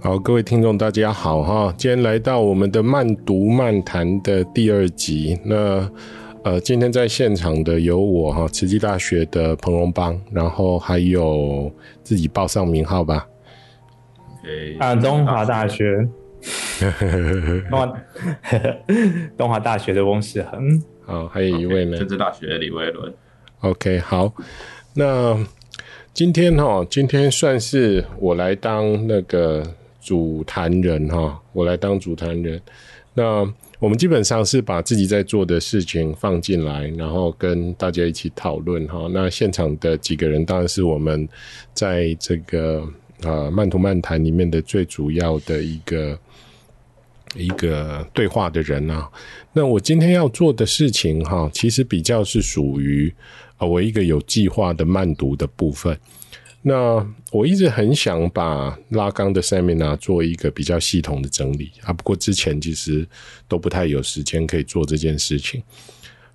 好，各位聽眾，大家好哈！今天來到我們的慢讀漫談的第二集那。呃，今天在現場的有我哈，慈濟大學的彭榮邦，然後還有自己報上名號吧。Okay, 啊，東華大學， 東華華 大學的翁士恆。哦，還有一位呢，okay, 政治大學的李維倫。OK，好，那今天哈，今天算是我來當那個主談人哈，我來當主談人，那。我們基本上是把自己在做的事情放進來，然後跟大家一起討論哈。那現場的幾個人當然是我們在這個呃慢讀漫談裡面的最主要的一個一個對話的人啊。那我今天要做的事情哈，其實比較是屬於啊我一個有計劃的慢讀的部分。那我一直很想把拉岡的 Seminar 做一個比較系統的整理啊，不過之前其實都不太有時間可以做這件事情。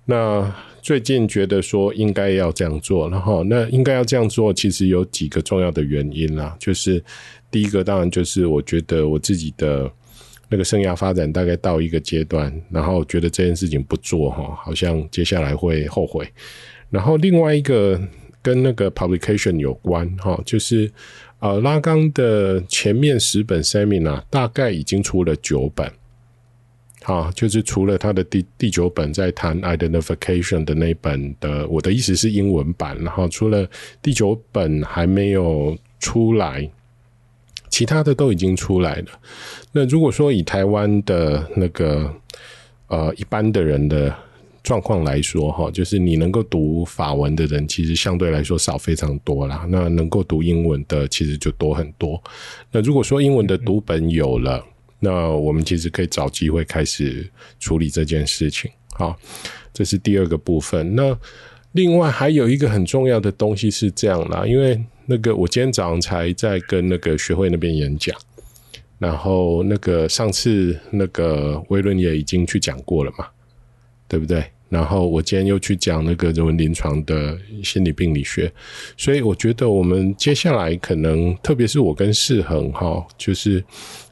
那最近覺得說應該要這樣做了哈，那應該要這樣做，其實有幾個重要的原因啦，就是第一個當然就是我覺得我自己的那個生涯發展大概到一個階段，然後我覺得這件事情不做哈，好像接下來會後悔。然後另外一個。跟那個 publication 有關，哈，就是呃，拉岡的前面十本 seminar 大概已經出了九本，好、啊，就是除了他的第第九本在談 identification 的那本的，我的意思是英文版，然、啊、後除了第九本還沒有出來，其他的都已經出來了。那如果說以台灣的那個呃一般的人的。狀況來說，哈，就是你能夠讀法文的人，其實相對來說少非常多啦。那能夠讀英文的，其實就多很多。那如果說英文的讀本有了，那我們其實可以找機會開始處理這件事情。好，這是第二個部分。那另外還有一個很重要的東西是這樣啦，因為那個我今天早上才在跟那個學會那邊演講，然後那個上次那個維倫也已經去講過了嘛。對不對？然後我今天又去講那個人文臨床的心理病理學，所以我覺得我們接下來可能，特別是我跟士恆哈，就是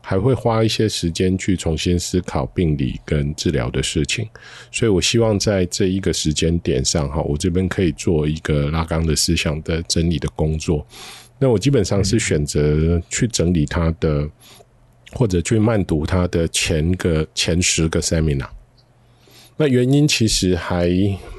還會花一些時間去重新思考病理跟治療的事情。所以，我希望在這一個時間點上哈，我這邊可以做一個拉岡的思想的整理的工作。那我基本上是選擇去整理他的，嗯、或者去慢讀他的前個前十個 seminar。那原因其實還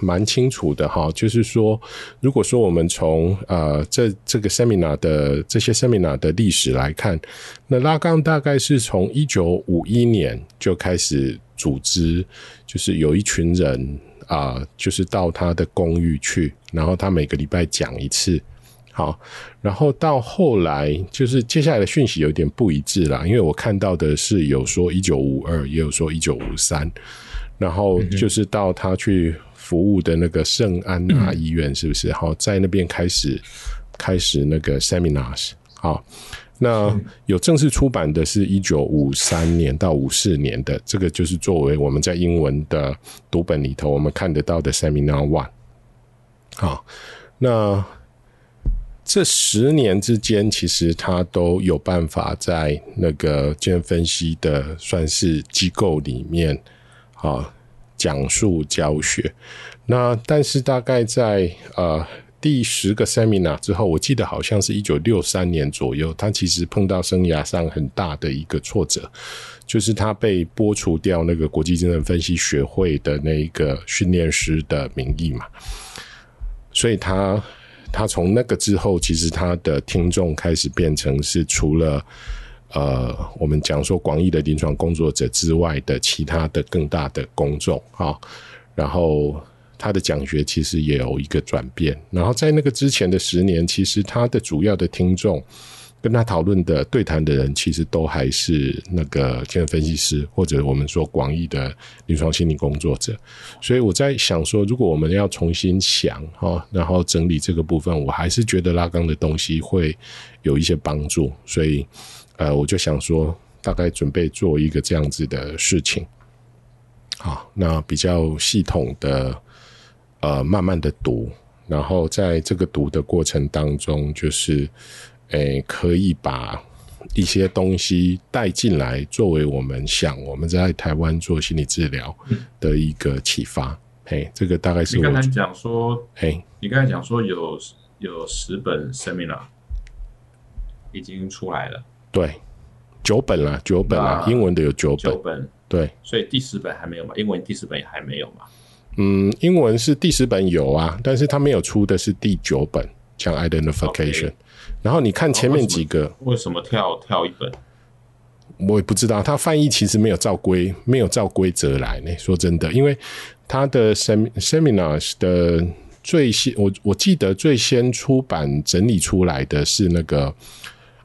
蠻清楚的哈，就是說，如果說我們從呃這這個 seminar 的這些 seminar 的歷史來看，那拉岡大概是從一九五一年就開始組織，就是有一群人啊、呃，就是到他的公寓去，然後他每個禮拜講一次，好，然後到後來就是接下來的訊息有點不一致了，因為我看到的是有說一九五二，也有說一九五三。然後就是到他去服務的那個聖安娜醫院，是不是？好，在那邊開始開始那個 seminars 好，那有正式出版的是一九五三年到五四年的，這個就是作為我們在英文的讀本裡頭，我們看得到的 seminar one。好，那這十年之間，其實他都有辦法在那個精神分析的算是機構裡面。啊，講述教學。那但是大概在呃第十個 seminar 之後，我記得好像是一九六三年左右，他其實碰到生涯上很大的一個挫折，就是他被剝除掉那個國際精神分析學會的那一個訓練師的名義嘛。所以他他從那個之後，其實他的聽眾開始變成是除了。呃，我們講說廣義的臨床工作者之外的其他的更大的公眾啊、哦，然後他的講學其實也有一個轉變。然後在那個之前的十年，其實他的主要的聽眾跟他討論的對談的人，其實都還是那個精神分析師或者我們說廣義的臨床心理工作者。所以我在想說，如果我們要重新想啊、哦，然後整理這個部分，我還是覺得拉岡的東西會有一些幫助，所以。呃，我就想說，大概準備做一個這樣子的事情。好，那比較系統的，呃，慢慢的讀，然後在這個讀的過程當中，就是，誒，欸，可以把一些東西帶進來，作為我們想我們在台灣做心理治療的一個啟發，嗯。嘿，這個大概是我。我剛才講說，嘿，你剛才講說有有十本 Seminar 已經出來了。對，九本啊，九本啊，啊，英文的有九本，九本，對，所以第十本還沒有嘛？英文第十本也還沒有嘛？嗯，英文是第十本有啊，但是他沒有出的是第九本，講 identification。Okay. 然後你看前面幾個，啊、為什麼、為什麼跳跳一本？我也不知道，他翻譯其實沒有照規，沒有照規則來呢。說真的，因為他的 seminar 的最先，我我記得最先出版整理出來的是那個。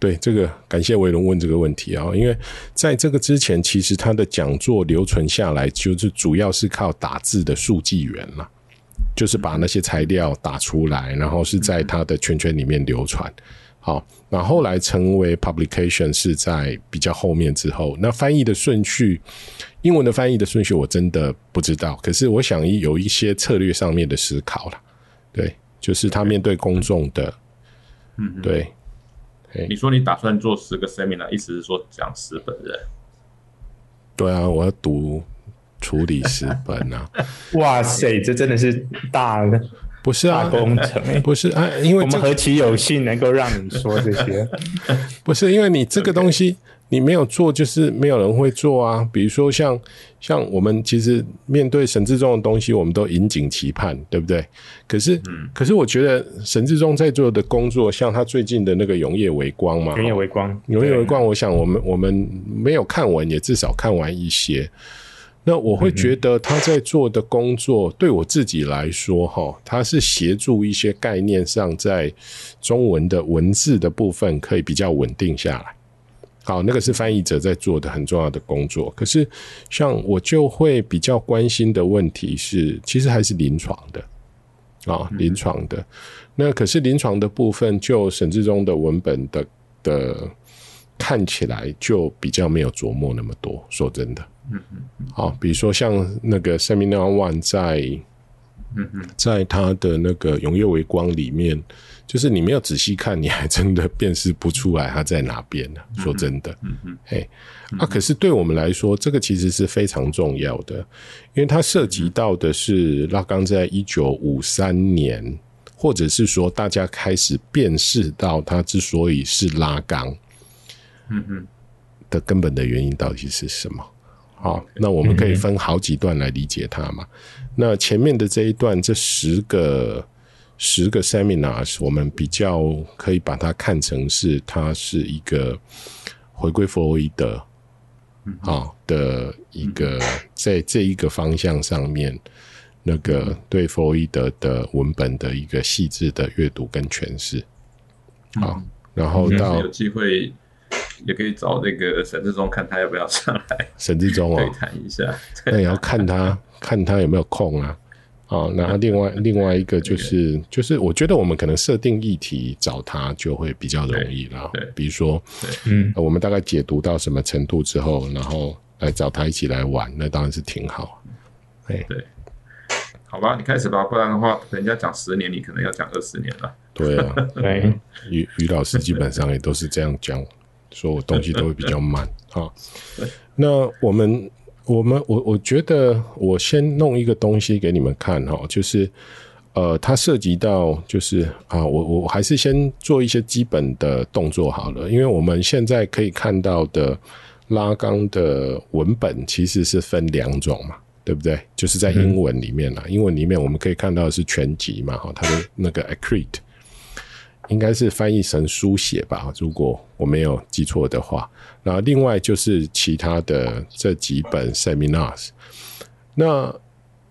對，這個感謝維倫問這個問題啊、哦，因為在這個之前，其實他的講座留存下來，就是主要是靠打字的速記員啦，就是把那些材料打出來，然後是在他的圈圈裡面流傳。嗯嗯好，那後來成為 publication 是在比較後面之後。那翻譯的順序，英文的翻譯的順序，我真的不知道。可是我想有一些策略上面的思考啦，對，就是他面對公眾的，嗯，嗯，對。Okay. 你說你打算做十個 seminar，意思是說講十本人？對啊，我要讀處理十本啊！ 哇塞，這真的是大不是啊工程， 不是啊，欸、是啊因為、這個、我們何其有幸能夠讓你說這些， 不是因為你這個東西、okay. 你沒有做，就是沒有人會做啊。比如說像像我們，其實面對沈志中的東西，我們都引頸期盼，對不對？可是、嗯，可是我覺得沈志中在做的工作，像他最近的那個永嘛《永夜微光》嘛、哦，《永夜微光》《永夜微光》，我想我們我們沒有看完，也至少看完一些。那我會覺得他在做的工作，嗯、對我自己來說，哈、哦，他是協助一些概念上在中文的文字的部分，可以比較穩定下來。好，那個是翻譯者在做的很重要的工作。可是，像我就會比較關心的問題是，其實還是臨床的啊、哦，臨床的。那可是臨床的部分，就沈志中的文本的的看起來就比較沒有琢磨那麼多。說真的，嗯嗯好，比如說像那個 Seminar One，在。嗯嗯， 在他的那個《永夜微光》裡面，就是你沒有仔細看，你還真的辨識不出來他在哪邊呢？說真的，嗯嗯，哎， 那、 hey, 啊、可是對我們來說，這個其實是非常重要的，因為它涉及到的是拉岡，在一九五三年，或者是說大家開始辨識到它之所以是拉岡，嗯嗯，的根本的原因到底是什麼？好、okay, 哦，那我們可以分好幾段來理解它嘛。Mm -hmm. 那前面的這一段，這十個十個 seminars，我們比較可以把它看成是它是一個回歸弗洛伊德，啊、哦 mm -hmm. 的一個，在這一個方向上面，mm -hmm. 那個對弗洛伊德的文本的一個細緻的閱讀跟詮釋。好、mm -hmm. 哦，然後到、mm -hmm. 有機會。也可以找那個沈志中，看他要不要上來，沈志中哦，談一下。那也要看他， 看他有沒有空啊。啊、哦，然後另外另外一個就是對對對，就是我覺得我們可能設定議題找他就會比較容易了。對，對，對，比如說對，嗯，我們大概解讀到什麼程度之後，然後來找他一起來玩，那當然是挺好。對，對，好吧，你開始吧，不然的話，人家講十年，你可能要講二十年了。對啊， 嗯、余余老師基本上也都是這樣講。 所以我東西都會比較慢啊。那我們，我們，我我覺得，我先弄一個東西給你們看哈，就是呃，它涉及到就是啊，我我還是先做一些基本的動作好了，因為我們現在可以看到的拉岡的文本其實是分兩種嘛，對不對？就是在英文裡面啦，嗯、英文裡面我們可以看到的是全集嘛，哈，它的那個 accrete。應該是翻譯成書寫吧，如果我沒有記錯的話。然後，另外就是其他的這幾本 seminars，那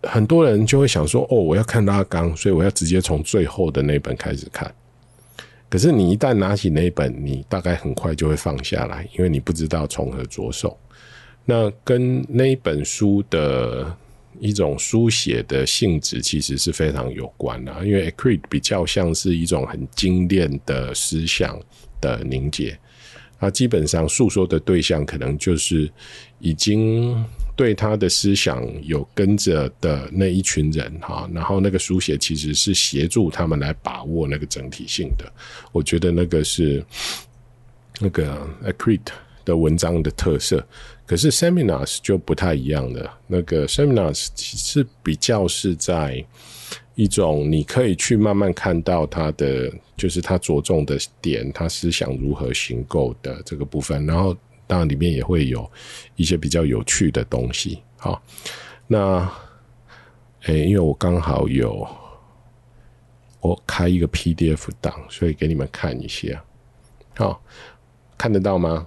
很多人就會想說，哦，我要看拉岡，所以我要直接從最後的那本開始看。可是你一旦拿起那本，你大概很快就會放下來，因為你不知道從何着手。那跟那一本書的一種書寫的性質其實是非常有關的，啊，因為 Ecrit 比較像是一種很精煉的思想的凝結，啊，基本上訴說的對象可能就是已經對他的思想有跟着的那一群人哈，然後那個書寫其實是協助他們來把握那個整體性的，我覺得那個是那個 Ecrit 的文章的特色。可是 seminars 就不太一樣的，那個 seminars 其實比較是在一種你可以去慢慢看到它的，就是它着重的點，它思想如何形構的這個部分。然後當然裡面也會有一些比較有趣的東西。好，那誒、欸，因為我剛好有我開一個 PDF 檔，所以給你們看一下，好，看得到嗎？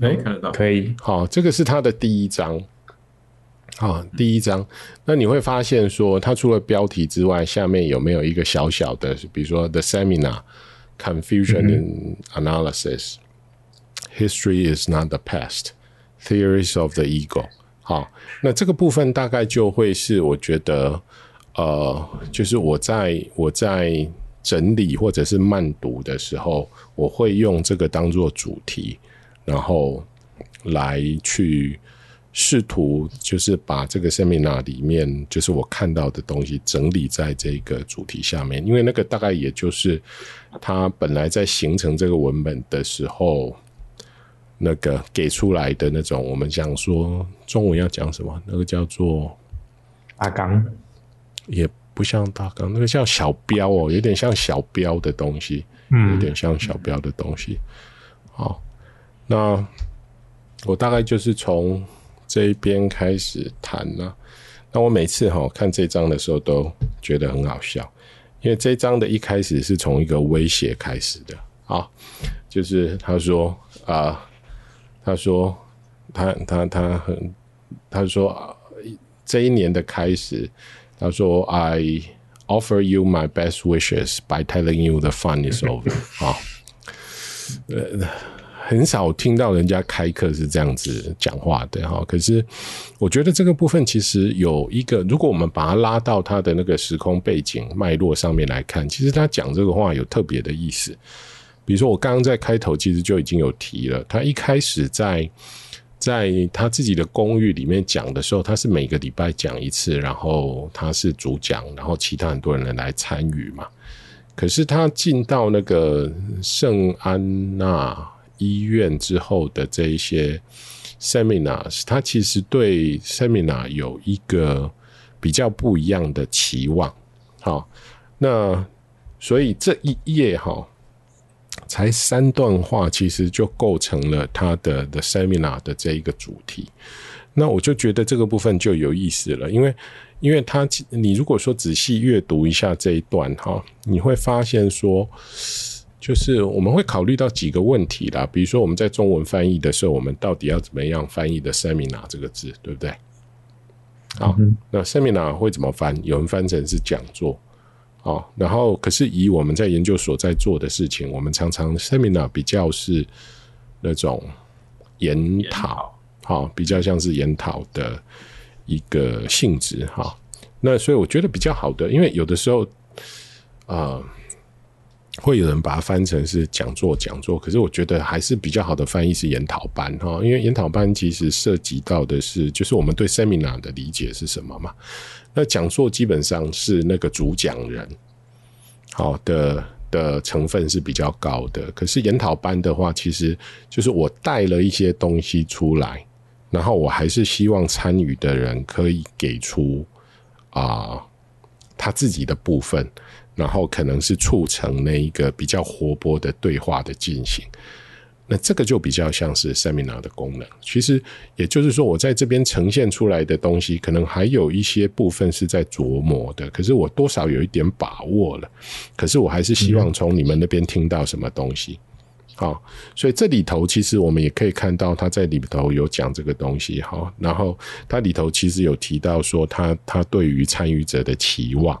哎、嗯，看得到，可以。好，這個是它的第一章，啊，第一章、嗯。那你會發現說，它除了標題之外，下面有沒有一個小小的，比如說 “The Seminar, Confusion in Analysis、嗯、History is not the past, Theories of the Ego”。好，那這個部分大概就會是我覺得，呃，就是我在我在整理或者是慢讀的時候，我會用這個當做主題。然後來去試圖，就是把這個 seminar 裡面，就是我看到的東西整理在這個主題下面，因為那個大概也就是他本來在形成這個文本的時候，那個給出來的那種，我們講說中文要講什麼，那個叫做大綱，也不像大綱，那個叫小標哦，有點像小標的東西，有點像小標的東西，好。那我大概就是從這一邊開始談了啊。那我每次哈看這章的時候都覺得很好笑，因為這章的一開始是從一個威脅開始的啊，就是他說啊、呃，他說他他他，他很他說這一年的開始，他說 I offer you my best wishes by telling you the fun is over 啊。 呃很少聽到人家開課是這樣子講話的哈。可是我覺得這個部分其實有一個，如果我們把它拉到他的那個時空背景脈絡上面來看，其實他講這個話有特別的意思。比如說我剛剛在開頭其實就已經有提了，他一開始在在他自己的公寓裡面講的時候，他是每個禮拜講一次，然後他是主講，然後其他很多人來參與嘛。可是他進到那個聖安娜，醫院之後的這一些 seminars，他其實對 seminar 有一個比較不一樣的期望。好，那所以這一頁哈，才三段話，其實就構成了他的的 seminar 的這一個主題。那我就覺得這個部分就有意思了，因為因為他你如果說仔細閱讀一下這一段哈，你會發現說。就是我們會考慮到幾個問題啦，比如說我們在中文翻譯的時候，我們到底要怎麼樣翻譯的 “Seminar” 這個字，對不對？好、嗯，那 “Seminar” 會怎麼翻？有人翻成是講座，好，然後可是以我們在研究所在做的事情，我們常常 “Seminar” 比較是那種研討，好，比較像是研討的一個性質，好。那所以我覺得比較好的，因為有的時候，啊、呃。會有人把它翻成是講座，講座，可是我覺得還是比較好的翻譯是研討班哈，因為研討班其實涉及到的是，就是我們對 seminar 的理解是什麼嘛？那講座基本上是那個主講人好的的、的成分是比較高的，可是研討班的話，其實就是我帶了一些東西出來，然後我還是希望參與的人可以給出啊、呃、他自己的部分。然後可能是促成那一個比較活潑的對話的進行，那這個就比較像是 seminar 的功能。其實也就是說，我在這邊呈現出來的東西，可能還有一些部分是在琢磨的，可是我多少有一點把握了。可是我還是希望從你們那邊聽到什麼東西。嗯、好，所以這裡頭其實我們也可以看到，他在裡頭有講這個東西。好，然後他裡頭其實有提到說，他他對於參與者的期望。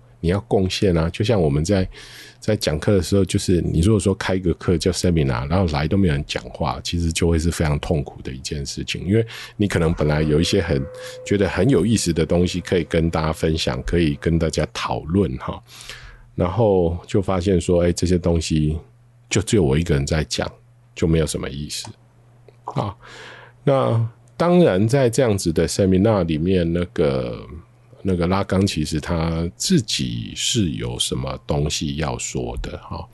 你要貢獻啊！就像我們在在講課的時候，就是你如果說開一個課叫 Seminar，然後來都沒有人講話，其實就會是非常痛苦的一件事情，因為你可能本來有一些很覺得很有意思的東西可以跟大家分享，可以跟大家討論哈，然後就發現說，哎、欸，這些東西就只有我一個人在講，就沒有什麼意思。啊，那當然在這樣子的 Seminar 裡面，那個。那個拉岡其實他自己是有什麼東西要說的哈，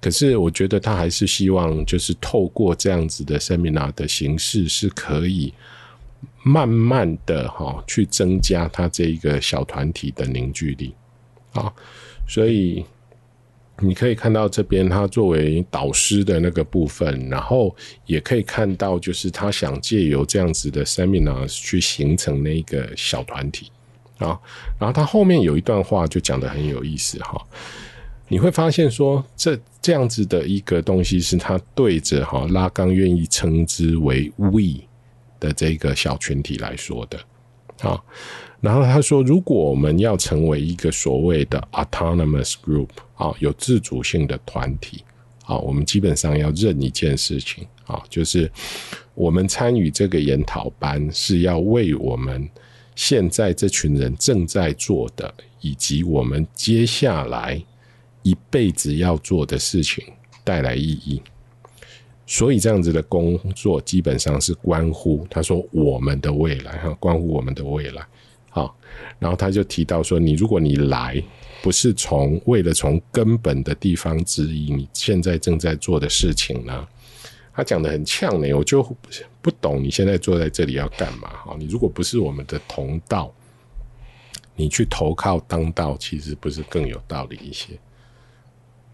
可是我覺得他還是希望就是透過這樣子的 seminar 的形式，是可以慢慢的哈去增加他這一個小團體的凝聚力啊，所以你可以看到這邊他作為導師的那個部分，然後也可以看到就是他想借由這樣子的 seminar 去形成那一個小團體。啊，然後他後面有一段話就講得很有意思哈，你會發現說這這樣子的一個東西是他對着哈，拉岡願意稱之為 we 的這個小群體來說的，啊，然後他說，如果我們要成為一個所謂的 autonomous group 啊，有自主性的團體啊，我們基本上要認一件事情啊，就是我們參與這個研討班是要為我們。現在這群人正在做的，以及我們接下來一輩子要做的事情帶來意義。所以這樣子的工作基本上是關乎他說，我們的未來哈，關乎我們的未來。好，然後他就提到說，你如果你來不是從為了從根本的地方質疑你現在正在做的事情呢？他講的很嗆呢、欸，我就不懂你現在坐在這裡要幹嘛哈？你如果不是我們的同道，你去投靠當道，其實不是更有道理一些？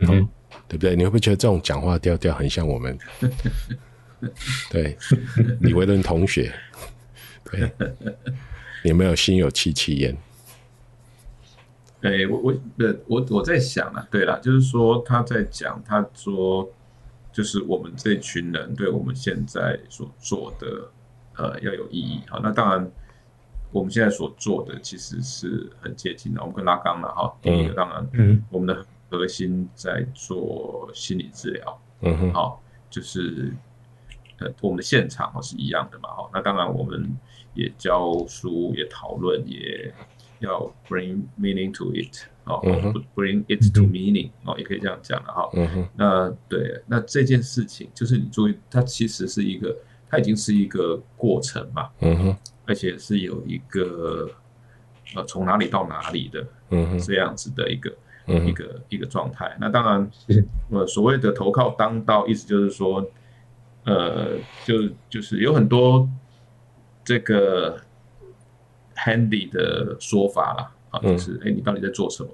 嗯、哦，對不對？你會不會覺得這種講話調調很像我們？ 對，李維倫同學，對，你有沒有心有戚戚焉？哎、欸，我我我我在想啊，對了，就是說他在講，他說。就是我們這群人對我們現在所做的，呃，要有意義。好，那當然，我們現在所做的其實是很接近的。我們跟拉岡了哈。第、嗯、一個當然，我們的核心在做心理治療。嗯哼，好，就是呃，我們的現場是一樣的嘛。好，那當然，我們也教書，也討論，也要 bring meaning to it。哦、oh,，bring it to meaning，哦、mm -hmm.，也可以這樣講的哈。Mm -hmm. 那對，那這件事情就是你注意，它其實是一個，它已經是一個過程嘛。嗯、mm -hmm. 而且是有一個，從哪裡到哪裡的，嗯、mm -hmm. 這樣子的一個，mm -hmm. 一個一個狀態。那當然，呃，所謂的投靠當道，意思就是說，呃，就就是有很多這個 handy 的說法啦，啊，就是哎、欸，你到底在做什麼？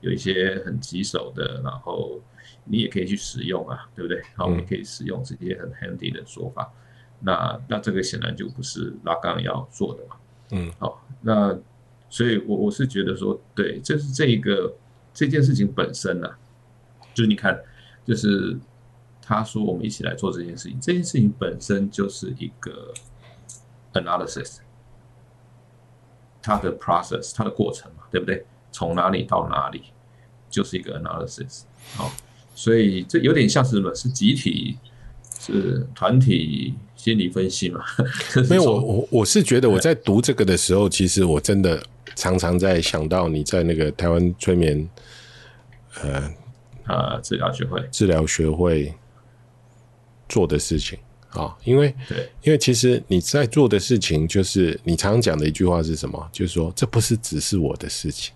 有一些很棘手的，然後你也可以去使用啊，對不對？好，你可以使用這些很 handy 的說法。嗯、那那這個顯然就不是拉岡要做的嘛。嗯，好，那所以我，我我是覺得說，對，這是這一個這件事情本身呢、啊、就是你看，就是他說我們一起來做這件事情，這件事情本身就是一個 analysis，它的 process，它的過程嘛，對不對？從哪裡到哪裡，就是一個 analysis、哦。好，所以這有點像是什麼？是集體，是團體心理分析嘛？所以我我我是覺得我在讀這個的時候，其實我真的常常在想到你在那個台灣催眠，呃，呃，治療學會治療學會做的事情啊、哦，因為對，因為其實你在做的事情，就是你常常講的一句話是什麼？就是說，這不是只是我的事情。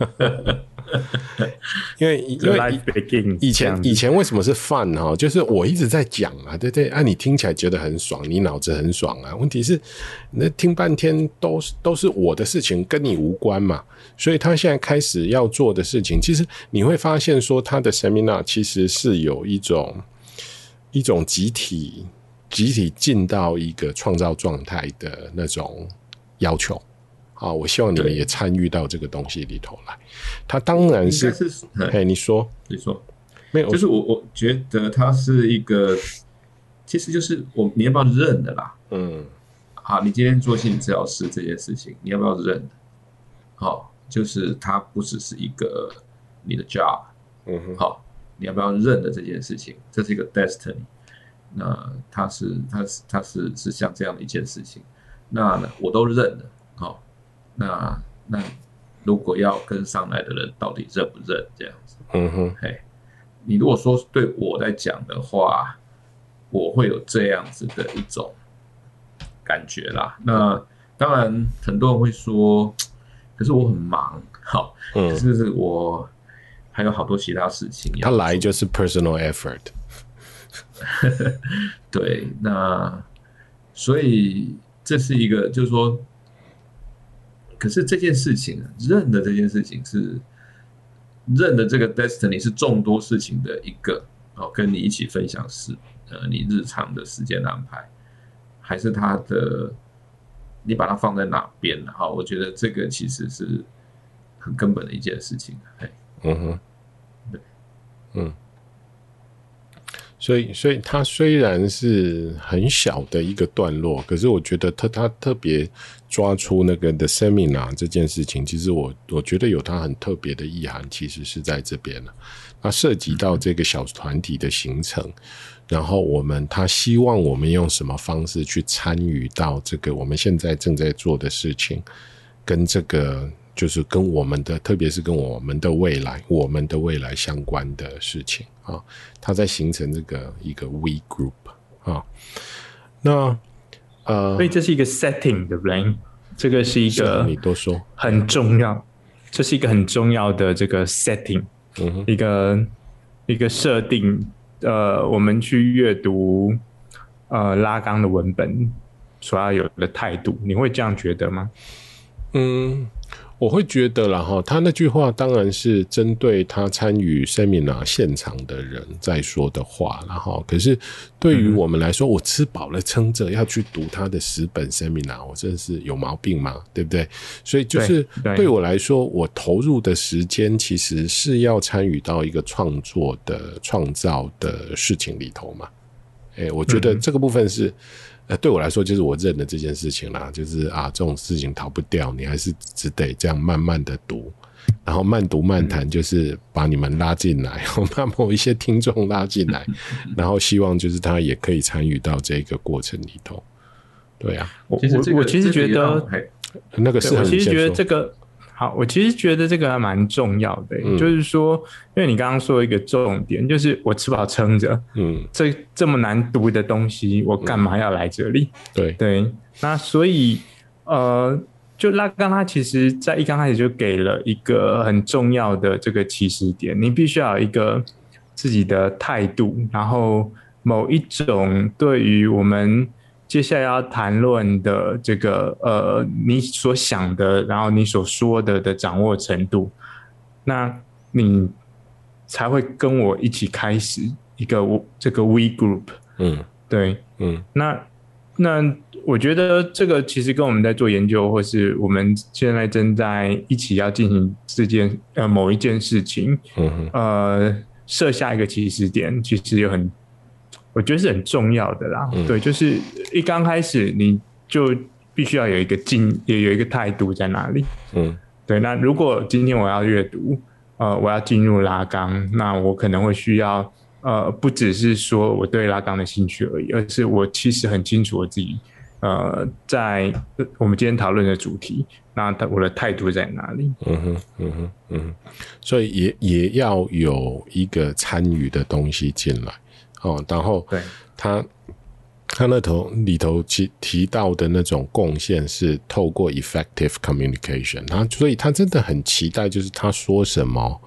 哈哈哈，因為、The、因為以前 以前為什麼是飯哈？就是我一直在講啊，對，對對，啊你聽起來覺得很爽，你腦子很爽啊。問題是，那聽半天都是都是我的事情，跟你無關嘛。所以他現在開始要做的事情，其實你會發現，說他的 Seminar 其實是有一種一種集體集體進到一個創造狀態的那種要求。啊、哦，我希望你們也參與到這個東西裡頭來。他當然是，哎，你說，你說，沒有，就是我我覺得他是一個，其實就是我你要不要認的啦？嗯，好、啊，你今天做心理治療師這件事情，你要不要認的？好、哦，就是它不只是一個你的 job，嗯哼，好、哦，你要不要認的這件事情？這是一個 destiny，那它是它是它是它是，是像這樣的一件事情，那呢我都認了。那那如果要跟上來的人到底認不認這樣子？嗯哼，嘿、hey，你如果說，對我來講的話，我會有這樣子的一種感覺啦。那當然，很多人會說，可是我很忙，好，嗯、可是我還有好多其他事情。他來就是 personal effort， 對，那所以這是一個，就是說。可是這件事情，認的這件事情，是認的這個 destiny 是眾多事情的一個哦，跟你一起分享是呃，你日常的時間安排，還是他的，你把它放在哪邊好，哦，我覺得這個其實是很根本的一件事情。哎，嗯哼，對，嗯。所以，所以它雖然是很小的一個段落，可是我覺得它它特別抓出那個 The Seminar 這件事情，其實我我覺得有它很特別的意涵，其實是在這邊了。那涉及到這個小團體的形成，然後我們，他希望我們用什麼方式去參與到這個我們現在正在做的事情，跟這個。就是跟我們的，特別是跟我們的未來、我們的未來相關的事情啊、哦，它在形成這個一個 We Group 啊、哦。那呃，所以這是一個 Setting 的不對、嗯？這個是一個是、啊、你多說很重要，這是一個很重要的這個 Setting，、嗯、一個一個設定。呃，我們去閱讀呃拉岡的文本所要有的態度，你會這樣覺得嗎？嗯。我會覺得啦，然後他那句話當然是針對他參與 seminar 現場的人在說的話，然後可是對於我們來說，我吃飽了撐着要去讀他的十本 seminar，我真是有毛病嗎？對不對？所以就是對我來說，我投入的時間其實是要參與到一個創作的創造的事情裡頭嘛。誒，我覺得這個部分是。對我來說，就是我認的這件事情啦，就是啊，這種事情逃不掉，你還是只得這樣慢慢的讀，然後慢讀慢談，就是把你們拉進來，把、嗯、 某一些聽眾拉進來，然後希望就是他也可以參與到這個過程裡頭。對啊，我其實、這個、我我其實覺得，還那個是很其實覺得這個。好，我其實覺得這個還蠻重要的、欸嗯，就是說，因為你剛剛說一個重點，就是我吃飽撐着，嗯，這這麼難讀的東西，我幹嘛要來這裡？嗯、對對，那所以呃，就拉岡他其實在一剛開始就給了一個很重要的這個起始點，嗯、你必須要有一個自己的態度，然後某一種對於我們。接下來要談論的這個呃，你所想的，然後你所說的的掌握程度，那你才會跟我一起開始一個我這個 We Group，嗯，對，嗯，那那我覺得這個其實跟我們在做研究，或是我們現在正在一起要進行這件、嗯、呃某一件事情，嗯，呃，設下一個起始點，其實有很。我覺得是很重要的啦，嗯、對，就是一剛開始你就必須要有一個進，也有一個態度在哪裡。嗯，對。那如果今天我要閱讀，呃，我要進入拉岡，那我可能會需要，呃，不只是說我對拉岡的興趣而已，而是我其實很清楚我自己，呃，在我們今天討論的主題，那我的態度在哪裡？嗯哼，嗯哼，嗯哼，所以也也要有一個參與的東西進來。哦，然後他對他，他那頭裡頭提提到的那種貢獻是透過 effective communication，他所以他真的很期待，就是他說什麼，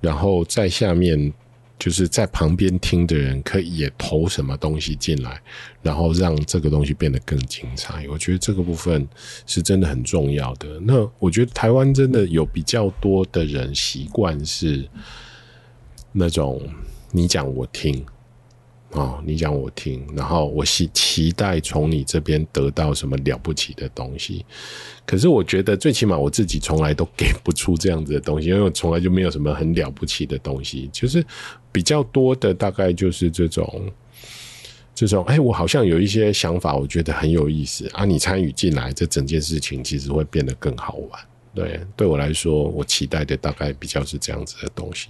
然後在下面就是在旁邊聽的人可以也投什麼東西進來，然後讓這個東西變得更精彩。我覺得這個部分是真的很重要的。那我覺得台灣真的有比較多的人習慣是那種你講我聽。哦，你講我聽，然後我期期待從你這邊得到什麼了不起的東西。可是我覺得最起碼我自己從來都給不出這樣子的東西，因為我從來就沒有什麼很了不起的東西。就是比較多的大概就是這種，這種。哎，我好像有一些想法，我覺得很有意思，啊，你參與進來，這整件事情其實會變得更好玩。對，對我來說，我期待的大概比較是這樣子的東西。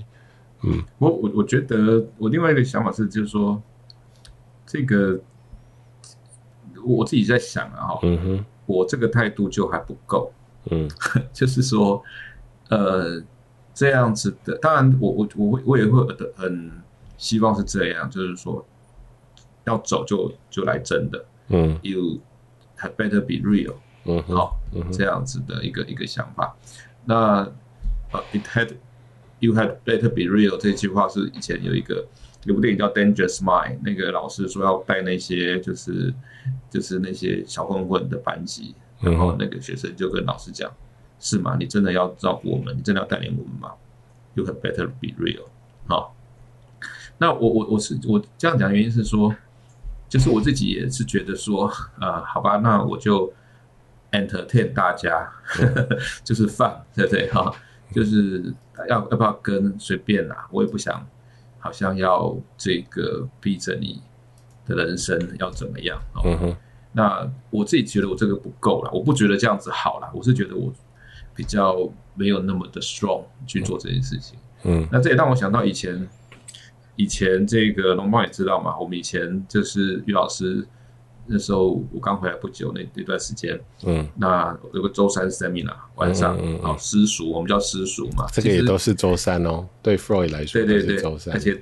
我我我覺得我另外一個想法是，就是說這個我我自己在想啊、哦，嗯哼，我這個態度就還不夠，嗯，就是說，呃，這樣子的，當然我我我會我也會很希望是這樣，就是說要走就就來真的，嗯，you had better be real，嗯哼，好、哦，這樣子的一個、嗯、一個想法，那呃、uh,，it had You had better be real。這一句話是以前有一個有部電影叫《Dangerous Mind》，那個老師說要帶那些就是就是那些小混混的班級，然後那個學生就跟老師講、嗯：“是嗎？你真的要照顧我們？你真的要帶領我們嗎？”You had better be real。好、哦，那我我我是我這樣講的原因是說，就是我自己也是覺得說，啊、呃，好吧，那我就 entertain 大家，哦、 就是 fun，對不對？哈、哦。就是要要不要跟，隨便啦、啊，我也不想，好像要這個逼着你的人生要怎麼樣哦。哦、嗯，那我自己覺得我這個不夠啦，我不覺得這樣子好啦，我是覺得我比較沒有那麼的 strong 去做這件事情。嗯，那這也讓我想到以前，以前這個榮邦也知道嘛，我們以前就是余老師。那時候我剛回來不久，那那段時間，嗯，那有個周三 seminar 了，晚上嗯，嗯，嗯，哦，私塾，我們叫私塾嘛，這個也都是周三哦，對 Freud 來說，對對對，對，周而且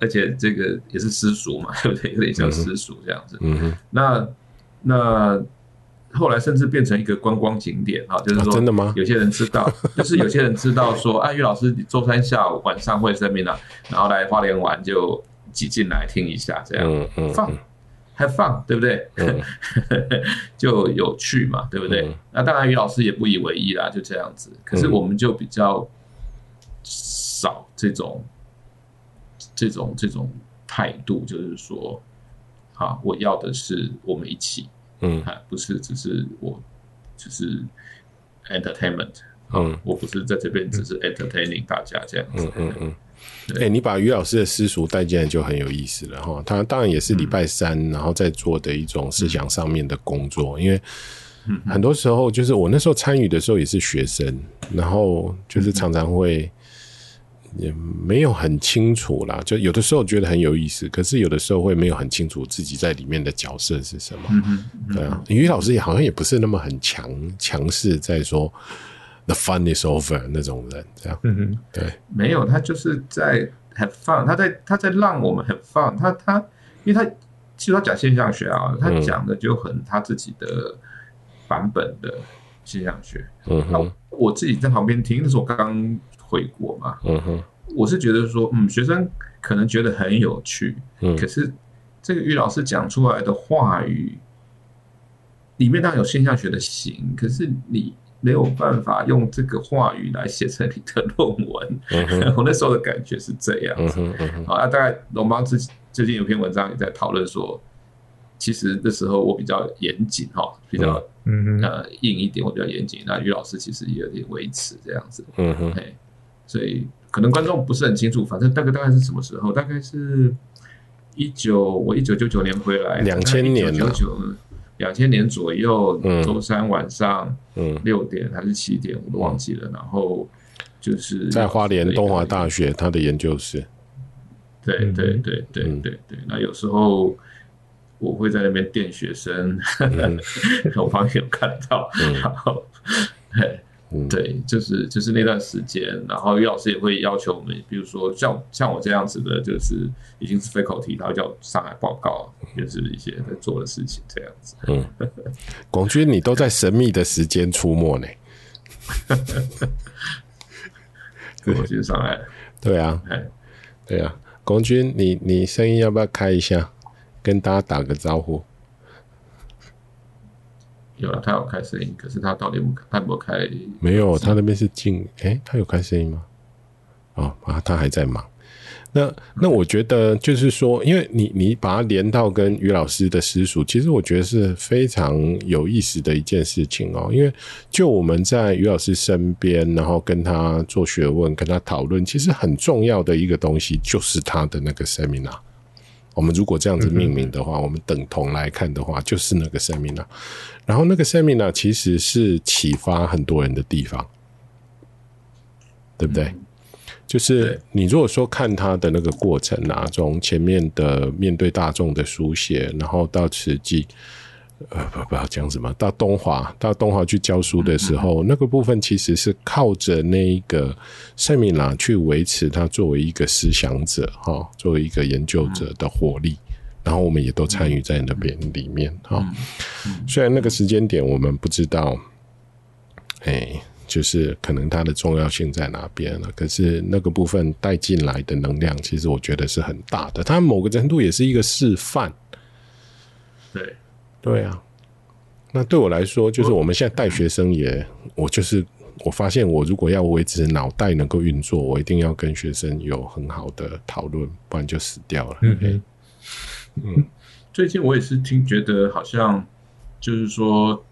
而且這個也是私塾嘛，有、嗯、點 有點像私塾這樣子，嗯嗯，那那後來甚至變成一個觀光景點啊，就是說真的嗎？有些人知道、啊，就是有些人知道說，哎、 啊，余老師周三下午晚上會 seminar 了，然後來花蓮玩就擠進來聽一下這樣，嗯嗯，嗯。放。Have fun，對不對？嗯、 就有趣嘛，對不對？嗯、那當然，余老師也不以為意啦，就這樣子。可是我們就比較少這種、嗯、這種、這種態度，就是說，啊，我要的是我們一起，嗯，啊、不是只是我，只、就是 entertainment、啊、嗯，我不是在這邊只是 entertaining 大家這樣子，嗯嗯。嗯哎、欸，你把余老師的私塾帶進來就很有意思了哈。他當然也是禮拜三，然後在做的一種思想上面的工作。嗯、因為很多時候，就是我那時候參與的時候也是學生，然後就是常常會也沒有很清楚啦。就有的時候覺得很有意思，可是有的時候會沒有很清楚自己在裡面的角色是什麼。對啊，余、嗯嗯、老師也好像也不是那麼很強強勢，在說。The fun is over，那種人這樣、嗯，對，沒有他就是在 have fun，他在他在讓我們 have fun，他他，因為他其實他講現象學啊，嗯、他講的就很他自己的版本的現象學。嗯哼，我自己在旁邊聽，時候，我剛剛回國嘛，嗯哼，我是覺得說，嗯，學生可能覺得很有趣，嗯，可是這個余老師講出來的話語裡面當然有現象學的形，可是你。沒有辦法用這個話語來寫成你的論文。嗯、 我那時候的感覺是這樣子。嗯嗯、好，那、啊、大概榮邦最最近有篇文章也在討論說，其實那時候我比較嚴謹哈、哦，比較嗯呃硬一點，我比較嚴謹。那余老師其實也有點維持這樣子。嗯哼，嘿，所以可能觀眾不是很清楚，反正大概大概是什麼時候？大概是，一九我一九九九年回來，兩千年九兩千年左右，周、嗯、三晚上六點還是七點、嗯，我都忘記了。然後就是在花蓮東華大學他的研究室，對對對對對對，對、嗯。那有時候我會在那邊電學生，嗯、 我朋友也有看到、嗯，然後，對嗯、對，就是就是那段時間，然後余老師也會要求我們，比如說像像我這樣子的，就是已經是 faculty 他會叫我上台報告，也、就是一些在做的事情這樣子。嗯，廣軍，你都在神秘的時間出沒呢。廣軍，上海。對啊，對啊，廣軍，你你聲音要不要開一下，跟大家打個招呼。有了，他有開聲音，可是他到底開不開？沒有，他那邊是靜。誒，他有開聲音嗎？哦啊，他還在忙。那那我覺得就是說，因為你你把它連到跟余老師的私塾，其實我覺得是非常有意思的一件事情哦。因為就我們在余老師身邊，然後跟他做學問、跟他討論，其實很重要的一個東西就是他的那個 seminar。我們如果這樣子命名的話、嗯，我們等同來看的話，就是那個 seminar，然後那個 seminar 其實是啟發很多人的地方，對不對？嗯、就是你如果說看它的那個過程啊，從前面的面對大眾的書寫，然後到實際。呃，不，不要講什麼。到東華，到東華去教書的時候，嗯嗯、那個部分其實是靠着那一個 seminar 去維持他作為一個思想者哈、哦，作為一個研究者的活力、嗯。然後我們也都參與在那邊、嗯、裡面哈、哦嗯嗯。雖然那個時間點我們不知道，哎，就是可能它的重要性在哪邊了。可是那個部分帶進來的能量，其實我覺得是很大的。它某個程度也是一個示範，對。對啊，那對我來說，就是我們現在帶學生也，哦嗯、我就是我發現，我如果要維持腦袋能夠運作，我一定要跟學生有很好的討論，不然就死掉了。嗯，嗯最近我也是聽覺得好像就是說，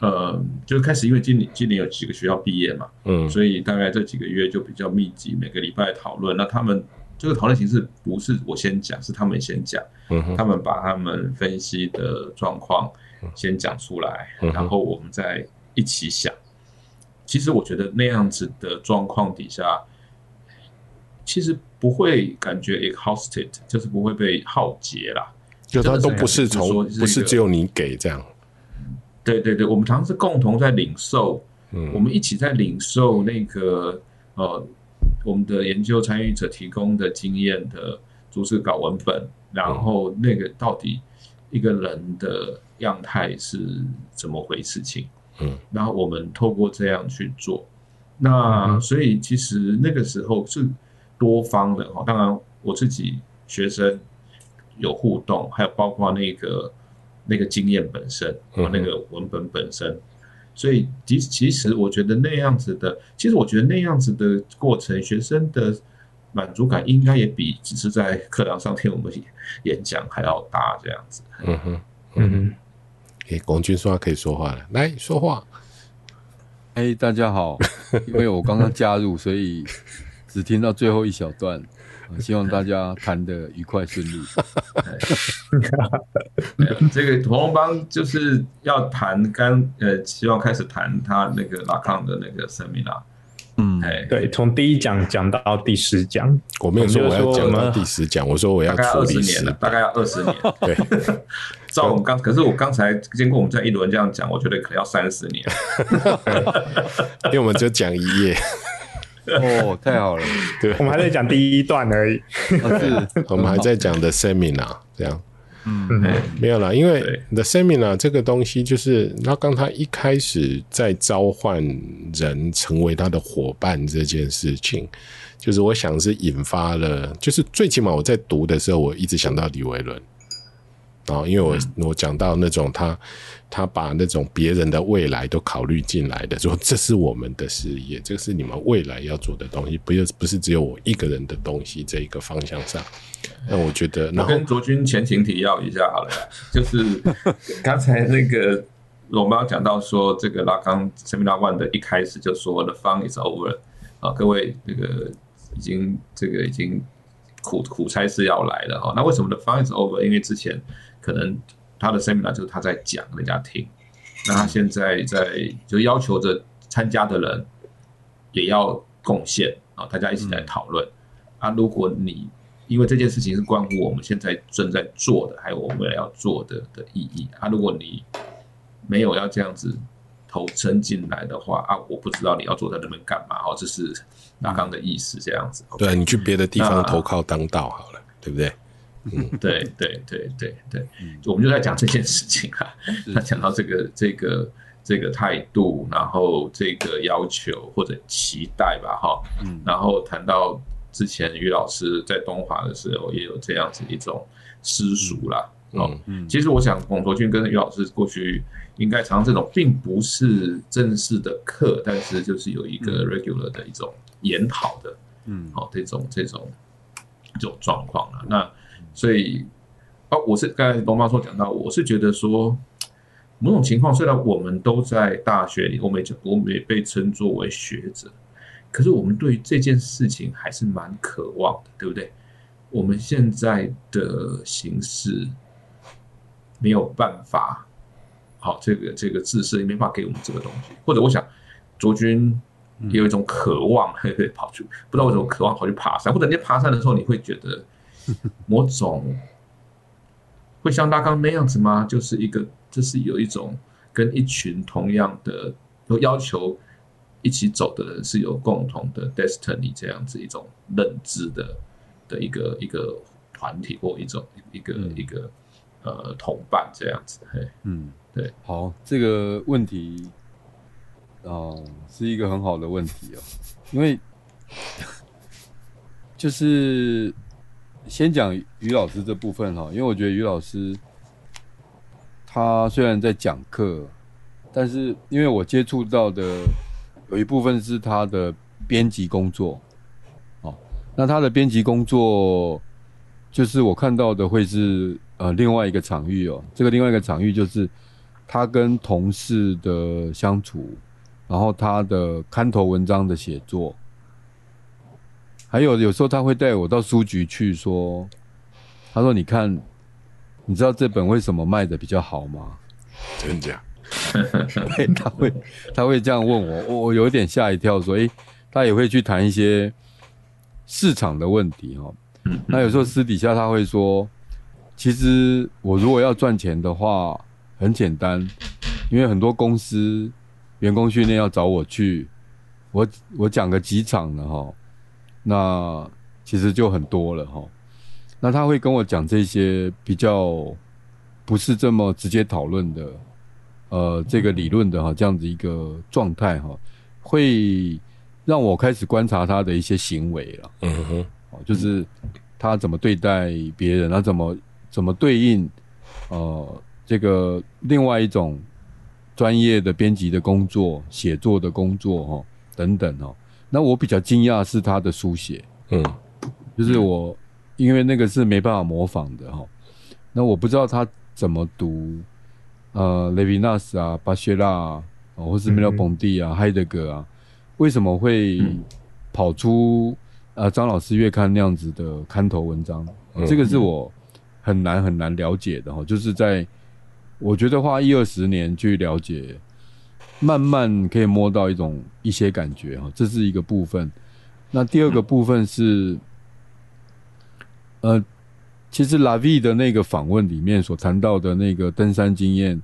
呃，就是開始就開始因為今年今年有幾個學校畢業嘛，嗯，所以大概這幾個月就比較密集，每個禮拜討論。那他們。這個討論形式不是我先講，是他們先講、嗯。他們把他們分析的狀況先講出來、嗯，然後我們再一起想。嗯、其實我覺得那樣子的狀況底下，其實不會感覺 exhausted，就是不會被耗竭啦。就他都不是從、這個、不是只有你給這樣。對對對，我們常常是共同在領受，嗯、我們一起在領受那個呃。我們的研究參與者提供的經驗的逐字稿文本，然後那個到底一個人的樣態是怎麼回事情？嗯，然後我們透過這樣去做，那所以其實那個時候是多方的哈，當然我自己、學生有互動，還有包括那個那個經驗本身、嗯、和那個文本本身。所以，其其實我覺得那樣子的，其實我覺得那樣子的過程，學生的滿足感應該也比只是在課堂上聽我們演講還要大。這樣子。嗯哼，嗯哼。誒、欸，卓軍說話可以說話了，來說話。誒、欸，大家好，因為我剛剛加入， 所以只聽到最後一小段，呃、希望大家談得愉快順利。 欸 yeah, 這個同龍幫就是要談剛、呃、希望開始談他那個拉康的那個 Seminar、嗯 hey. 對，從第一講講到第十講， 我沒有說我要講到第十講， 我說我要大概二十年了，大概要二十年。 對，照我們剛可是我剛才經過我們在一輪這樣講，我覺得可能要三十年， 因為我們就講一頁，哦，太好了，對， 我們還在講第一段而已、 啊。是 我們還在講的 Seminar 這樣。嗯，嗯，沒有啦，因為 The Seminar 這個東西，就是他剛才一開始在召喚人成為他的伙伴這件事情，就是我想是引發了，就是最起碼我在讀的時候，我一直想到李維倫，然後因為我、嗯、我講到那種他。他把那種別人的未來都考慮進來的，說這是我們的事業，這個是你們未來要做的東西，不，不是只有我一個人的東西。這一個方向上，那我覺得，那我跟卓軍前情提要一下好了， 就是剛才那個龍貓 講到說，這個拉康 Seminar 1的一開始就說 the fun is over 好，哦，各位，這個已經，這個已經苦苦差事要來了哦。那為什麼 the fun is over？因為之前可能，他的 seminar 就是他在講，人家聽。那他現在在，就要求着參加的人也要貢獻啊，大家一起來討論、嗯。啊，如果你因為這件事情是關乎我們現在正在做的，還有我們未來要做的的意義啊，如果你沒有要這樣子投身進來的話啊，我不知道你要坐在那邊幹嘛哦。這是拉岡的意思這樣子。嗯、okay, 對啊，你去別的地方投靠當道好了，對不對？ 嗯，對對對對對，對對對嗯、我們就在講這件事情啊。他講到這個這個這個態度，然後這個要求或者期待吧，哈、哦。嗯，然後談到之前余老師在東華的時候也有這樣子一種私塾啦，嗯、哦，嗯。其實我想，龔卓軍跟余老師過去應該常，常這種並不是正式的課，但是就是有一個 regular 的一種研討的，嗯，好、哦嗯，這種這種這種狀況啊，那所以，哦，我是剛才東方說講到，我是覺得說，某種情況，雖然我們都在大學裡，我們也我們也被稱作為學者，可是我們對於這件事情還是蠻渴望的，對不對？我們現在的形式沒有辦法，好、哦，這個這個知識也沒辦法給我們這個東西。或者我想，卓軍有一種渴望，嘿嘿，跑去、嗯、不知道為什麼渴望跑去爬山。或者你爬山的時候，你會覺得。魔 種會像拉岡那樣子嗎？就是一個，這、就是有一種跟一群同樣的都要求一起走的人是有共同的 destiny 這樣子一種認知的的一個一個團體或一種一個、嗯、一個呃同伴這樣子。嘿，嗯，對，好，這個問題哦、呃、是一個很好的問題哦，因為就是。先講余老師這部分哈，因為我覺得余老師他雖然在講課，但是因為我接觸到的有一部分是他的編輯工作，哦，那他的編輯工作就是我看到的會是呃另外一個場域哦，這個另外一個場域就是他跟同事的相處，然後他的刊頭文章的寫作。還有有時候他會帶我到書局去說，他說：“你看，你知道這本為什麼賣得比較好嗎？”真假， 他會他會這樣問我，我我有點嚇一跳，說：“哎、欸，他也會去談一些市場的問題哈、喔。嗯”那有時候私底下他會說：“其實我如果要賺錢的話，很簡單，因為很多公司員工訓練要找我去，我我講個幾場的哈、喔。”那其實就很多了哈，那他會跟我講這些比較不是這麼直接討論的，呃，這個理論的哈，這樣子一個狀態哈，會讓我開始觀察他的一些行為了，嗯哼，就是他怎麼對待別人，他怎麼怎麼對應，呃，這個另外一種專業的編輯的工作、寫作的工作哈，等等哦。那我比較驚訝是他的書寫，嗯，就是我因為那個是沒辦法模仿的哈。那我不知道他怎麼讀，呃，列維納斯啊、巴舍拉啊，或是梅洛龐蒂啊、海德格啊，為什麼會跑出、嗯、呃張老師月刊那樣子的刊頭文章？嗯嗯，這個是我很難很難了解的哈，就是在我覺得花一二十年去了解。慢慢可以摸到一種一些感覺哈，這是一個部分。那第二個部分是，呃，其實 La Vie 的那個訪問裡面所談到的那個登山經驗，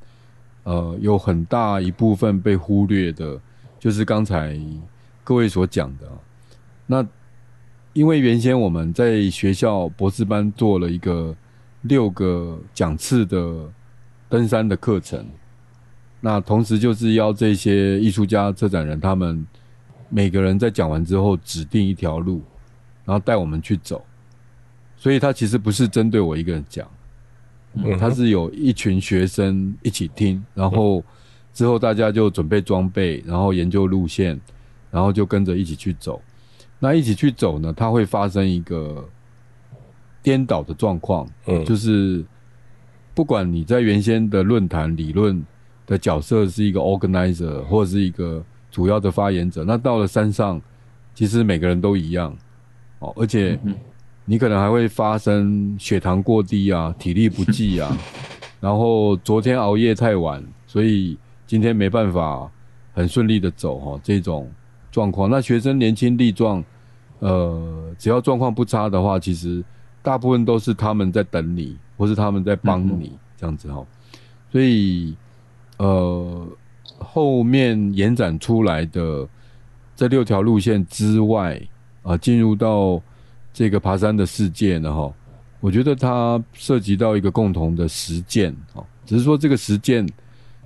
呃，有很大一部分被忽略的，就是剛才各位所講的。那因為原先我們在學校博士班做了一個六個講次的登山的課程。那同時就是邀這些藝術家、策展人，他們每個人在講完之後，指定一條路，然後帶我們去走。所以他其實不是針對我一個人講、嗯，他是有一群學生一起聽，然後之後大家就準備裝備，然後研究路線，然後就跟着一起去走。那一起去走呢，它會發生一個顛倒的狀況，就是不管你在原先的論壇理論的角色是一個 organizer，或者是一個主要的發言者。那到了山上，其實每個人都一樣哦，而且你可能還會發生血糖過低啊、體力不濟啊， 然後昨天熬夜太晚，所以今天沒辦法很順利的走哈、哦。這種狀況，那學生年輕力壯，呃，只要狀況不差的話，其實大部分都是他們在等你，或是他們在幫你、嗯、這樣子哈、哦。所以。呃，後面延展出來的這六條路線之外，啊、呃，進入到這個爬山的世界呢，哈，我覺得它涉及到一個共同的實踐，哦，只是說這個實踐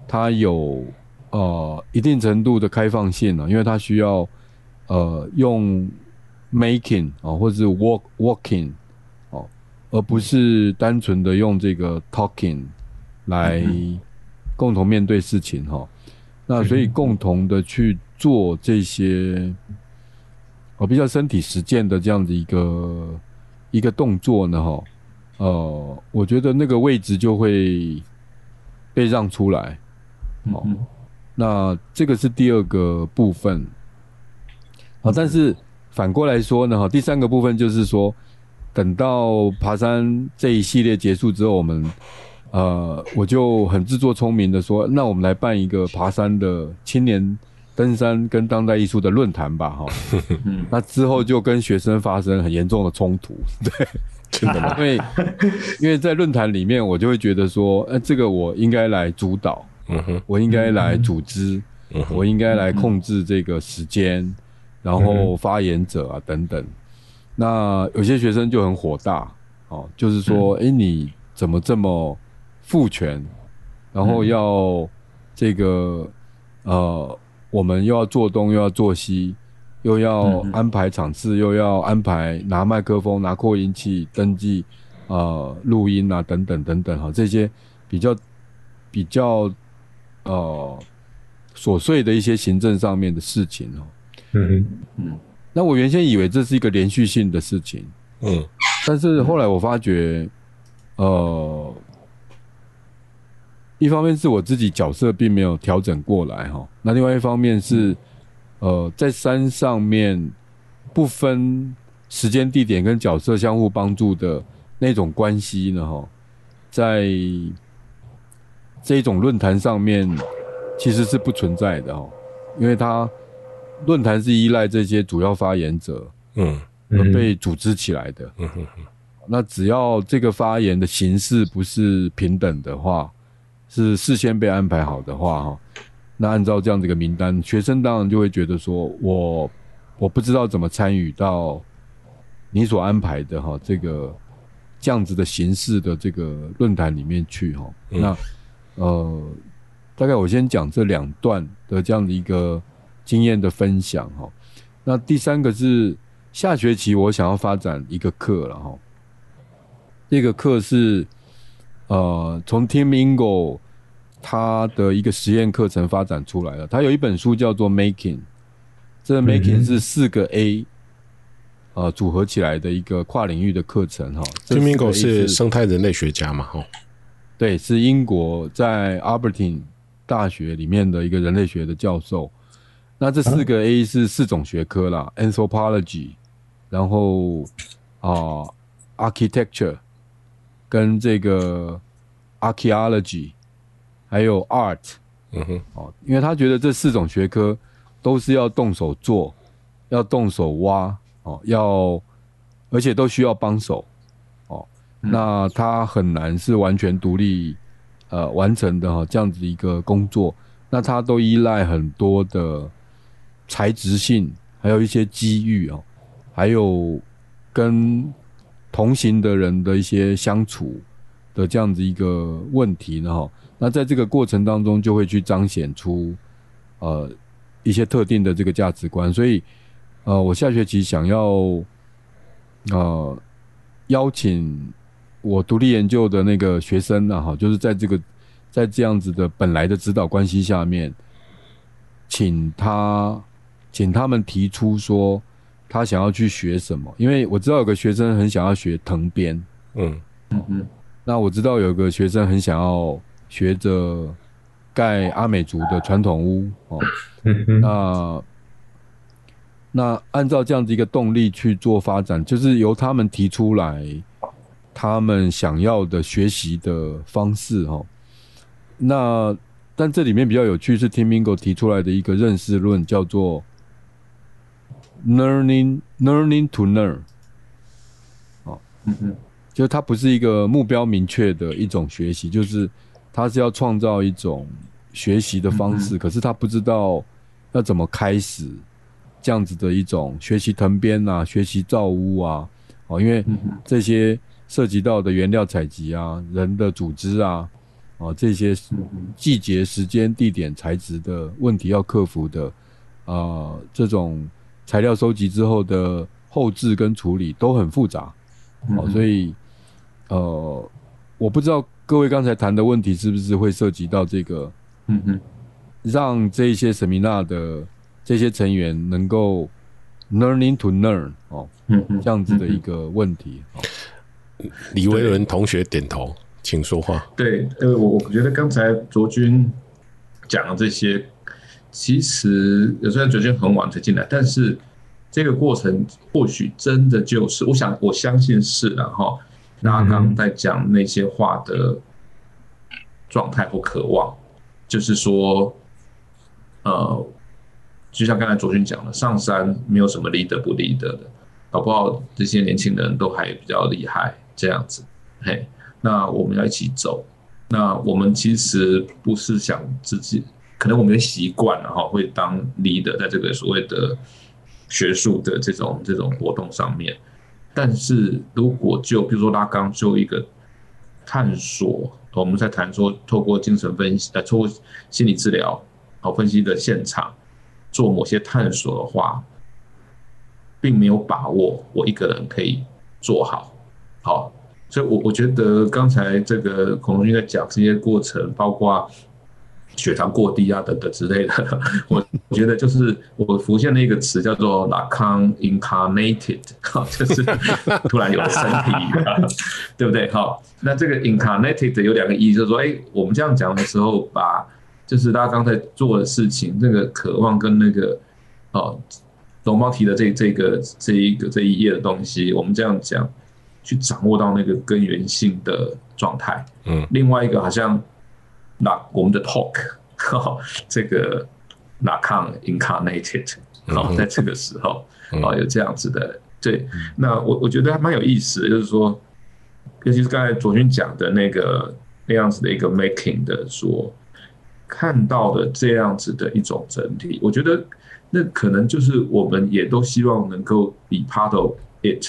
它有呃一定程度的開放性呢，因為它需要呃用 making 啊，或是 walk walking 哦，而不是單純的用這個 talking 來。共同面對事情哈，那所以共同的去做這些，我比較身體實踐的這樣子一個一個動作呢哈，呃，我覺得那個位置就會被讓出來，好、嗯，那這個是第二個部分，好，但是反過來說呢哈，第三個部分就是說，等到爬山這一系列結束之後，我們。呃，我就很自作聰明的說，那我們來辦一個爬山的青年登山跟當代藝術的論壇吧，哈。 那之後就跟學生發生很嚴重的衝突，對，真的嗎，嗎？ 因為因為在論壇裡面，我就會覺得說，哎、呃，這個我應該來主導，嗯、哼我應該來組織，嗯、我應該來控制這個時間、嗯，然後發言者啊等等。那有些學生就很火大，哦，就是說，哎、欸，你怎麼這麼父權，然後要這個、嗯、呃，我們又要做東，又要做西，又要安排場次，嗯、又要安排拿麥克風、拿擴音器、登記、呃、錄啊、錄音啊等等等等哈，這些比較比較呃瑣碎的一些行政上面的事情嗯哼嗯，那我原先以為這是一個連續性的事情，嗯，但是後來我發覺，呃。一方面是我自己角色並沒有調整過來哈，那另外一方面是，呃，在山上面不分時間地點跟角色相互幫助的那種關係呢哈，在這一種論壇上面其實是不存在的哈，因為他論壇是依賴這些主要發言者，嗯，而被組織起來的，嗯嗯嗯，那只要這個發言的形式不是平等的話。是事先被安排好的話哈，那按照這樣子一個名單，學生當然就會覺得說，我我不知道怎麼參與到你所安排的哈這個這樣子的形式的這個論壇裡面去哈。嗯。那呃，大概我先講這兩段的這樣的一個經驗的分享哈。那第三個是下學期我想要發展一個課了哈，那、這個課是。呃，從 Tim Ingold 他的一個實驗課程發展出來的，他有一本書叫做 Making，這個 Making 是四個 A，呃，組合起來的一個跨領域的課程哈。Tim Ingold 是生態人類學家嘛？哈，對，是英國在 Abertine 大學裡面的一個人類學的教授。那這四個 A 是四種學科啦、啊、，Anthropology，然後啊、呃、Architecture。跟這個 archaeology，還有 art，嗯哼，哦，因為他覺得這四種學科都是要動手做，要動手挖，哦，要而且都需要幫手，哦、嗯，那他很難是完全獨立呃完成的哈、哦，這樣子一個工作，那他都依賴很多的材質性，還有一些機遇哦，還有跟同行的人的一些相處的這樣子一個問題呢哈，那在這個過程當中就會去彰顯出，呃，一些特定的這個價值觀。所以，呃，我下學期想要，呃，邀請我獨立研究的那個學生呢哈，就是在這個在這樣子的本來的指導關係下面，請他請他們提出說。他想要去學什麼？因為我知道有個學生很想要學藤編，嗯嗯，那我知道有個學生很想要學着蓋阿美族的傳統屋哦、喔嗯，那那按照這樣子一個動力去做發展，就是由他們提出來他們想要的學習的方式哦、喔。那但這裡面比較有趣是 Tim Ingold 提出來的一個認識論，叫做。Learning, learning to learn，啊、哦嗯，就它不是一個目標明確的一種學習，就是它是要創造一種學習的方式，嗯、可是他不知道要怎麼開始，這樣子的一種學習。藤編啊，學習造屋啊，哦，因為這些涉及到的原料採集啊，人的組織啊，啊、哦，這些季節、時間、地點、材質的問題要克服的，啊、呃，這種。材料收集之後的後製跟處理都很複雜，好、嗯哦，所以呃，我不知道各位剛才談的問題是不是會涉及到這個，嗯，讓這些 seminar 的這些成員能夠 learning to learn 哦，嗯嗯，這樣子的一個問題。嗯、李維倫同學點頭，請說話。對，呃，我我覺得剛才卓軍講的這些。其實有時候昨天很晚才進來，但是這個過程或許真的就是，我想我相信是、啊。然後，阿剛在講那些話的狀態和渴望，就是說，呃，就像剛才卓君講的，上山沒有什麼 leader 不 leader 的，搞不好這些年輕人都還比較厲害這樣子。嘿，那我們要一起走。那我們其實不是想自己。可能我們的習慣了哈，會當 leader 在這個所謂的學術的這種這種活動上面。但是如果就比如說拉岡就一個探索，我們在談說透過精神分析呃，透過心理治療好分析的現場做某些探索的話，並沒有把握我一個人可以做好。好，所以我，我我覺得剛才這個龔卓軍在講這些過程，包括。血糖過低啊等等之類的，我覺得就是我浮現的一個詞叫做 Lacan incarnated，就是突然有了身體 對不對？好，那這個 incarnated 有兩個意義，就是說，哎、欸，我們這樣講的時候，把就是大家剛才做的事情，那個渴望跟那個哦，龍貓提的這這個這一個這一頁的東西，我們這樣講，去掌握到那個根源性的狀態。嗯，另外一個好像。那我們的 talk 呵呵，這個 Lacan incarnated 好、嗯、在這個時候啊、嗯哦、有這樣子的對，那我我覺得還蠻有意思的，就是說尤其是剛才卓軍講的那個那樣子的一個 making 的說，看到的這樣子的一種整體，我覺得那可能就是我們也都希望能夠 be part of it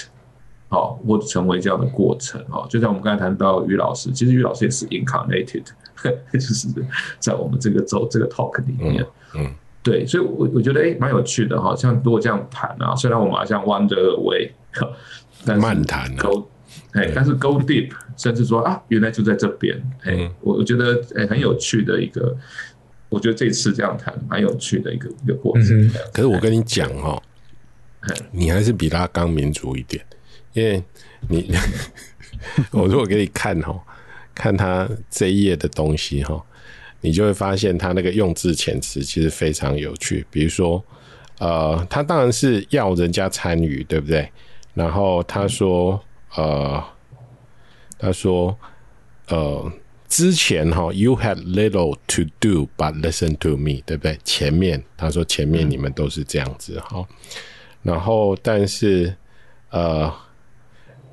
好、哦、或成為這樣的過程啊、哦，就像我們剛才談到余老師，其實余老師也是 incarnated。 就是在我們這個週這個 talk 裡面嗯，嗯，對，所以，我我覺得哎，蠻、欸、有趣的哈、喔。像如果這樣談啊，雖然我們好像 one way，但漫談、啊、，go，、欸嗯、但是 go deep，甚至說啊，原來就在這邊，哎、欸，我、嗯、我覺得哎、欸，很有趣的一個，我覺得這次這樣談蠻有趣的一個一個過程、嗯欸。可是我跟你講哈、喔、你還是比他剛民主一點，因為你 我如果給你看哈、喔。看他這一頁的東西哈，你就會發現他那個用字遣詞其實非常有趣。比如說，呃，他當然是要人家參與，對不對？然後他說，呃，他說，呃，之前哈、哦，you had little to do but listen to me，對不對？前面他說前面你們都是這樣子哈、嗯，然後但是，呃。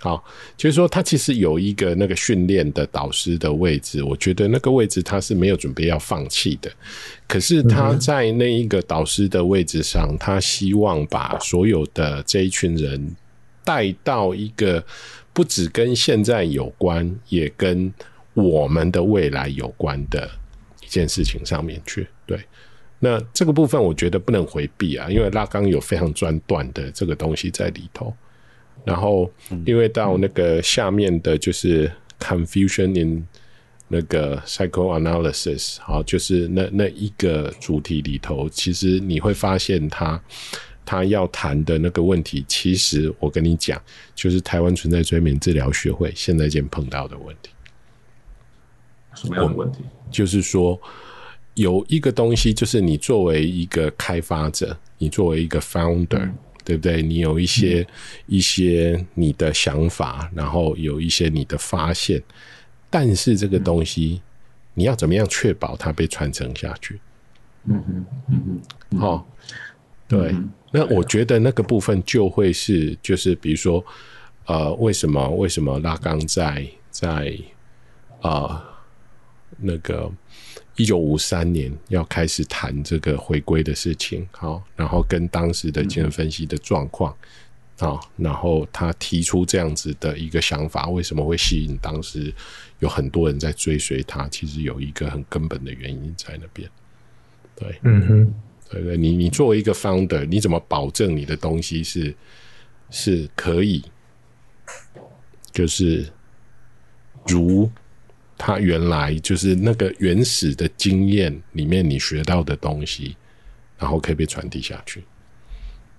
好，就是說，他其實有一個那個訓練的導師的位置，我覺得那個位置他是沒有準備要放棄的。可是他在那一個導師的位置上，他希望把所有的這一群人帶到一個不只跟現在有關，也跟我們的未來有關的一件事情上面去。對，那這個部分我覺得不能回避啊，因為拉岡有非常專斷的這個東西在裡頭。然後，因為到那個下面的，就是 confusion in 那個 psychoanalysis，好，就是那那一個主題裡頭，其實你會發現他，他他要談的那個問題，其實我跟你講，就是台灣存在催眠治療學會現在間碰到的問題，什麼樣的問題？就是說有一個東西，就是你作為一個開發者，你作為一個 founder，嗯。對不對？你有一些一些你的想法，嗯，然後有一些你的發現，但是這個東西你要怎麼樣確保它被傳承下去？嗯哼嗯嗯嗯，好，哦，對，嗯，那我覺得那個部分就會是，就是比如說，呃，為什麼為什麼拉岡在在呃那個。一九五三年要開始談這個回歸的事情，好，然後跟當時的精神分析的狀況，好，然後他提出這樣子的一個想法，為什麼會吸引當時有很多人在追隨他？其實有一個很根本的原因在那邊。對，嗯哼，對對，你你作為一個 founder，你怎麼保證你的東西是是可以？就是如。他原來就是那個原始的經驗裡面，你學到的東西，然後可以被傳遞下去。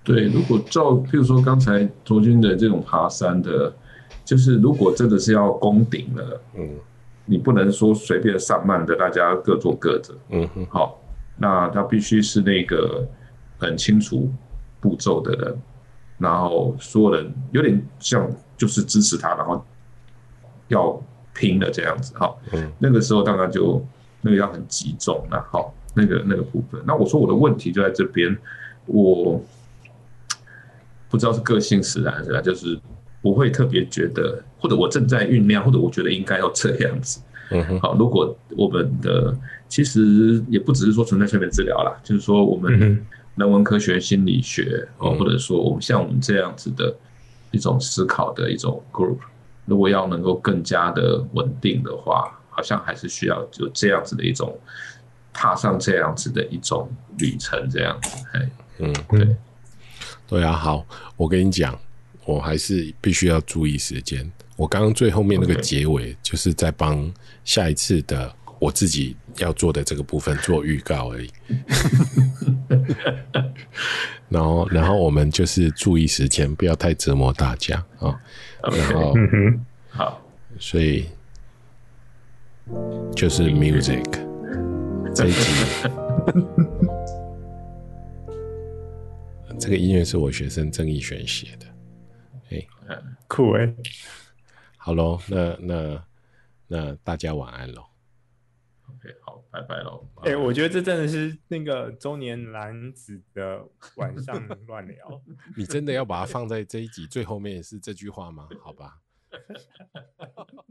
對，如果照，譬如說剛才卓軍的這種爬山的，就是如果真的是要攻頂了，嗯，你不能說隨便散漫的，大家各做各的，嗯哼，好，那他必須是那個很清楚步驟的人，然後所有人有點像就是支持他，然後要。拼了這樣子哈、嗯，那個時候當然就那個要很集中了，啊，好，那個那個部分。那我說我的問題就在這邊，我不知道是個性使然還是什麼，就是我會特別覺得，或者我正在醞釀，或者我覺得應該要這樣子。嗯，好，如果我們的其實也不只是說存在全面治療啦，就是說我們人文科學、嗯、心理學、嗯、或者說我們像我們這樣子的一種思考的一種 group。如果要能夠更加的穩定的話，好像還是需要就這樣子的一種踏上這樣子的一種旅程，這樣子。嗯嗯，對嗯對啊。好，我跟你講，我還是必須要注意時間。我剛剛最後面那個結尾，就是在幫下一次的我自己要做的這個部分做預告而已。 然後，然後我們就是注意時間，不要太折磨大家啊。哦 然後 好，所以就是 music 這一集， 這個音樂是我學生鄭易玄寫的，哎、okay，酷誒、欸。好嘍，那那那大家晚安嘍。拜拜嘍！哎、欸，我覺得這真的是那個中年男子的晚上亂聊。 你真的要把它放在這一集， 最後面是這句話嗎？好吧。